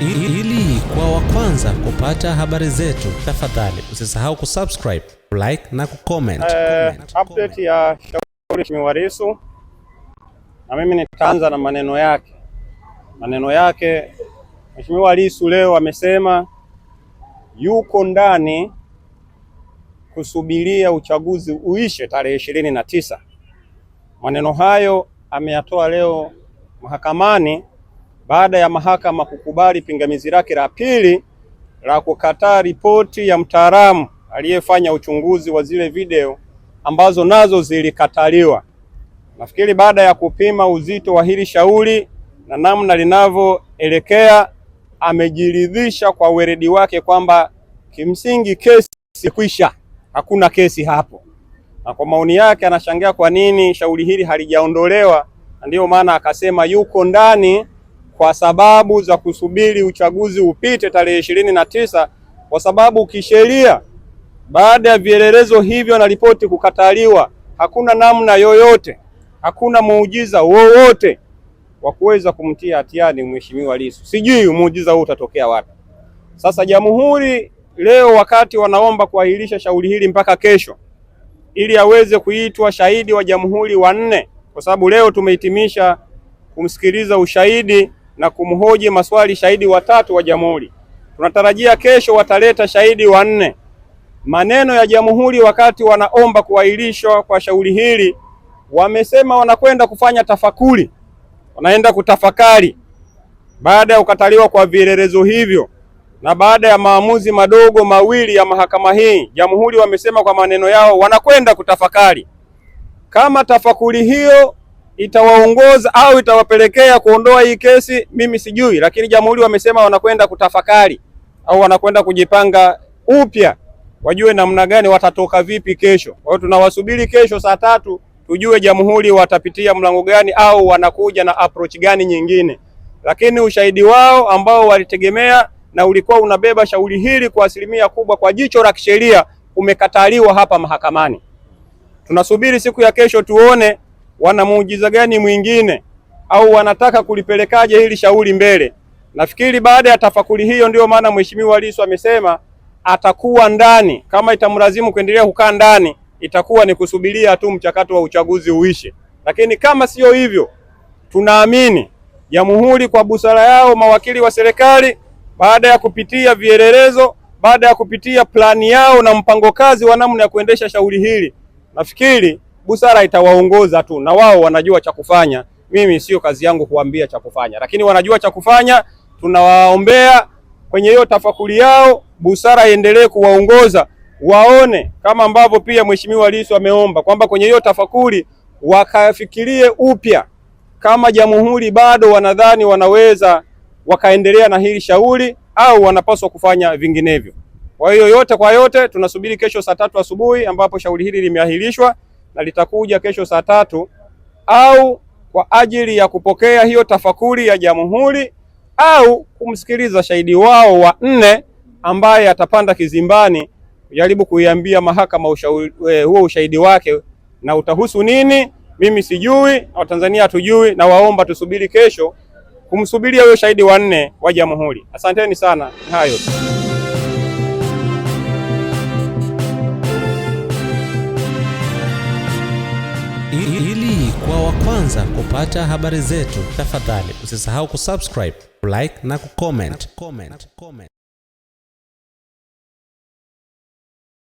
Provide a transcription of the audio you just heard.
ili kwa wa kwanza kupata habari zetu, tafadhali usisahau kusubscribe, like na kucomment. Eh, update ya shauri Mheshimiwa na mimi nitaanza na maneno yake. Maneno yake Mheshimiwa Rais leo amesema yuko ndani kusubiria uchaguzi uishe tarehe ishirini na tisa. Maneno hayo ameyatoa leo mahakamani baada ya mahakama kukubali pingamizi lake la pili la kukataa ripoti ya mtaalamu aliyefanya uchunguzi wa zile video ambazo nazo zilikataliwa. Nafikiri baada ya kupima uzito wa hili shauri na namna linavyoelekea, amejiridhisha kwa weredi wake kwamba kimsingi kesi kwisha, hakuna kesi hapo, na kwa maoni yake anashangaa kwa nini shauri hili halijaondolewa, na ndiyo maana akasema yuko ndani kwa sababu za kusubiri uchaguzi upite tarehe ishirini na tisa kwa sababu kisheria, baada ya vielelezo hivyo na ripoti kukataliwa, hakuna namna yoyote, hakuna muujiza wowote wa kuweza kumtia hatiani Mheshimiwa Lissu. Sijui muujiza huu utatokea wapi. Sasa jamhuri leo, wakati wanaomba kuahirisha shauri hili mpaka kesho, ili aweze kuitwa shahidi wa jamhuri wanne, kwa sababu leo tumehitimisha kumsikiliza ushahidi na kumhoji maswali shahidi watatu wa jamhuri. Tunatarajia kesho wataleta shahidi wanne. Maneno ya jamhuri wakati wanaomba kuahirishwa kwa shauri hili, wamesema wanakwenda kufanya tafakuri, wanaenda kutafakari baada ya kukataliwa kwa vielelezo hivyo na baada ya maamuzi madogo mawili ya mahakama hii. Jamhuri wamesema kwa maneno yao wanakwenda kutafakari. Kama tafakuri hiyo itawaongoza au itawapelekea kuondoa hii kesi, mimi sijui, lakini jamhuri wamesema wanakwenda kutafakari au wanakwenda kujipanga upya, wajue namna gani watatoka vipi kesho. Kwa hiyo tunawasubiri kesho saa tatu tujue jamhuri watapitia mlango gani au wanakuja na approach gani nyingine, lakini ushahidi wao ambao walitegemea na ulikuwa unabeba shauri hili kwa asilimia kubwa kwa jicho la kisheria umekataliwa hapa mahakamani. Tunasubiri siku ya kesho tuone wana muujiza gani mwingine au wanataka kulipelekaje hili shauri mbele. Nafikiri baada ya tafakuri hiyo, ndiyo maana Mheshimiwa Lissu amesema atakuwa ndani, kama itamlazimu kuendelea kukaa ndani, itakuwa ni kusubiria tu mchakato wa uchaguzi uishe, lakini kama siyo hivyo, tunaamini jamhuri kwa busara yao mawakili wa serikali, baada ya kupitia vielelezo, baada ya kupitia plani yao na mpango kazi wa namna ya kuendesha shauri hili, nafikiri busara itawaongoza tu, na wao wanajua cha kufanya. Mimi sio kazi yangu kuambia cha kufanya, lakini wanajua cha kufanya. Tunawaombea kwenye hiyo tafakuri yao, busara iendelee kuwaongoza waone, kama ambavyo pia Mheshimiwa Lissu ameomba kwamba kwenye hiyo tafakuri wakafikirie upya kama jamhuri bado wanadhani wanaweza wakaendelea na hili shauri au wanapaswa kufanya vinginevyo. Kwa hiyo yote kwa yote, tunasubiri kesho saa tatu asubuhi ambapo shauri hili limeahirishwa na litakuja kesho saa tatu au kwa ajili ya kupokea hiyo tafakuri ya jamhuri au kumsikiliza shahidi wao wa nne ambaye atapanda kizimbani kujaribu kuiambia mahakama ushauri, e, huo ushahidi wake na utahusu nini, mimi sijui na Watanzania hatujui, na waomba tusubiri kesho kumsubiria huyo shahidi wa nne wa jamhuri. Asanteni sana, hayo wa kwanza kupata habari zetu, tafadhali usisahau kusubscribe, like na kucomment.